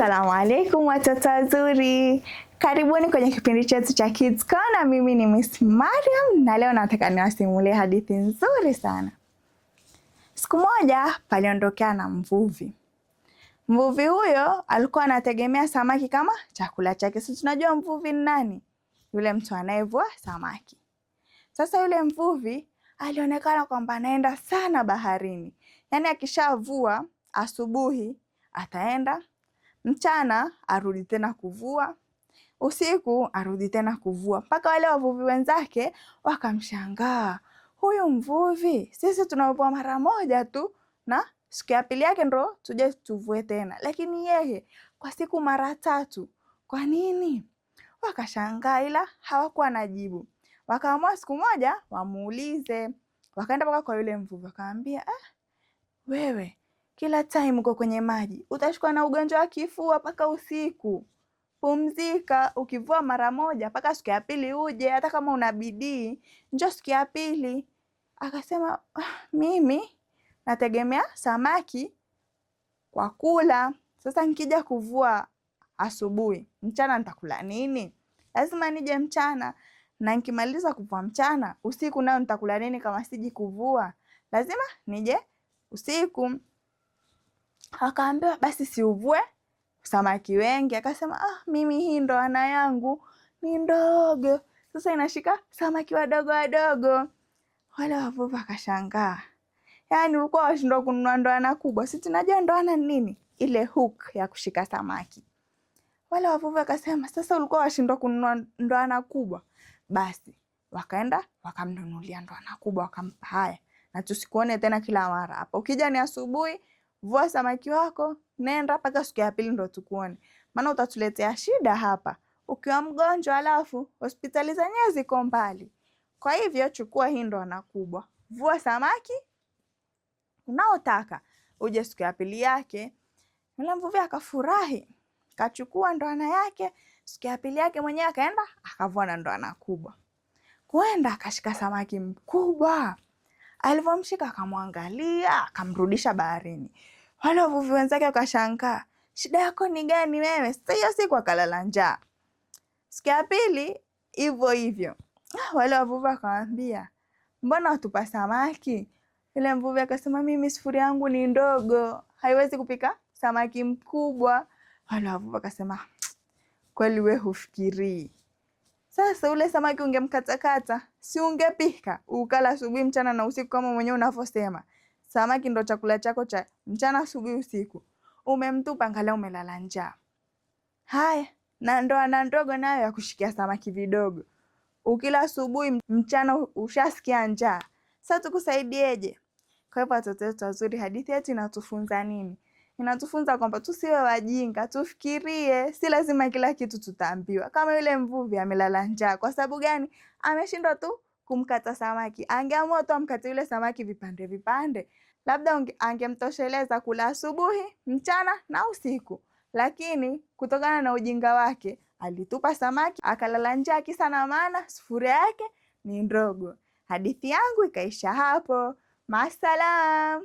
Assalamu alaikum watoto wazuri, karibuni kwenye kipindi chetu cha Kids Corner. Mimi ni Miss Mariam na leo nataka niwasimulie hadithi nzuri sana. Siku moja paliondokea na mvuvi. Mvuvi huyo alikuwa anategemea samaki kama chakula chake. Sisi tunajua mvuvi ni nani? Yule mtu anayevua samaki. Sasa yule mvuvi alionekana kwamba anaenda sana baharini, yaani akishavua asubuhi ataenda Mchana arudi tena kuvua, usiku arudi tena kuvua, mpaka wale wavuvi wenzake wakamshangaa, huyu mvuvi, sisi tunavua mara moja tu na siku ya pili yake ndo tuje tuvue tena, lakini yeye kwa siku mara tatu. Kwa nini? Wakashangaa, ila hawakuwa na jibu. Wakaamua siku moja wamuulize. Wakaenda mpaka kwa yule mvuvi, wakaambia ah, wewe kila time uko kwenye maji, utashikwa na ugonjwa wa kifua mpaka usiku. Pumzika. Ukivua mara moja mpaka siku ya pili uje, hata kama una bidii, njoo siku ya pili. Akasema ah, mimi nategemea samaki kwa kula. Sasa nikija kuvua asubuhi, mchana nitakula nini? Lazima nije mchana, na nikimaliza kuvua mchana, usiku nayo nitakula nini kama siji kuvua? Lazima nije usiku. Akaambiwa basi siuvue samaki wengi. Akasema ah, mimi hii ndoana yangu ni ndogo, sasa inashika samaki wadogo wadogo. Wale wavuvi wakashangaa, yaani ulikuwa washindwa kununua ndoana kubwa, si tunajua ndoana nini, ile hook ya kushika samaki. Wale wavuvi wakasema, sasa ulikuwa washindwa kununua ndoana kubwa? Basi wakaenda wakamnunulia ndoana kubwa, wakampa haya, na tusikuone tena kila mara hapa, ukija ni asubuhi vua samaki wako, nenda mpaka siku ya pili ndo tukuone, maana utatuletea shida hapa ukiwa mgonjwa, alafu hospitali zenyewe ziko mbali. Kwa hivyo chukua hii ndona kubwa, vua samaki unaotaka uje siku ya pili yake. Yule mvuvi akafurahi, kachukua ndoana yake. Siku ya pili yake mwenyewe akaenda akavua na ndoana kubwa, kwenda akashika samaki mkubwa. Alivyomshika akamwangalia, akamrudisha baharini. Wale wavuvi wenzake wakashangaa, shida yako ni gani wewe? Sasa hiyo siku akalala njaa. Siku ya pili hivyo hivyo, ah, wale wavuvi wakawambia, mbona watupa samaki? Yule mvuvi akasema, mimi sifuri yangu ni ndogo, haiwezi kupika samaki mkubwa. Wale wavuvi wakasema, kweli we hufikirii sasa ule samaki ungemkatakata, si ungepika ukala asubuhi, mchana na usiku, kama mwenyewe unavyosema. Samaki ndo chakula chako cha mchana, asubuhi, usiku. Umemtupa, angalau umelala njaa. Haya, na ndoa na ndogo nayo ya kushikia samaki vidogo, ukila asubuhi, mchana ushasikia njaa. Sasa tukusaidieje? Kwa hivyo watoto wetu wazuri, hadithi yetu inatufunza nini? inatufunza kwamba tusiwe wajinga, tufikirie. Si lazima kila kitu tutaambiwa. Kama yule mvuvi amelala njaa, kwa sababu gani? Ameshindwa tu kumkata samaki. Angeamua tu amkate yule samaki vipande vipande, labda angemtosheleza kula asubuhi, mchana na usiku, lakini kutokana na ujinga wake alitupa samaki akalala njaa, kisa na maana sufuria yake ni ndogo. Hadithi yangu ikaisha hapo. Masalam.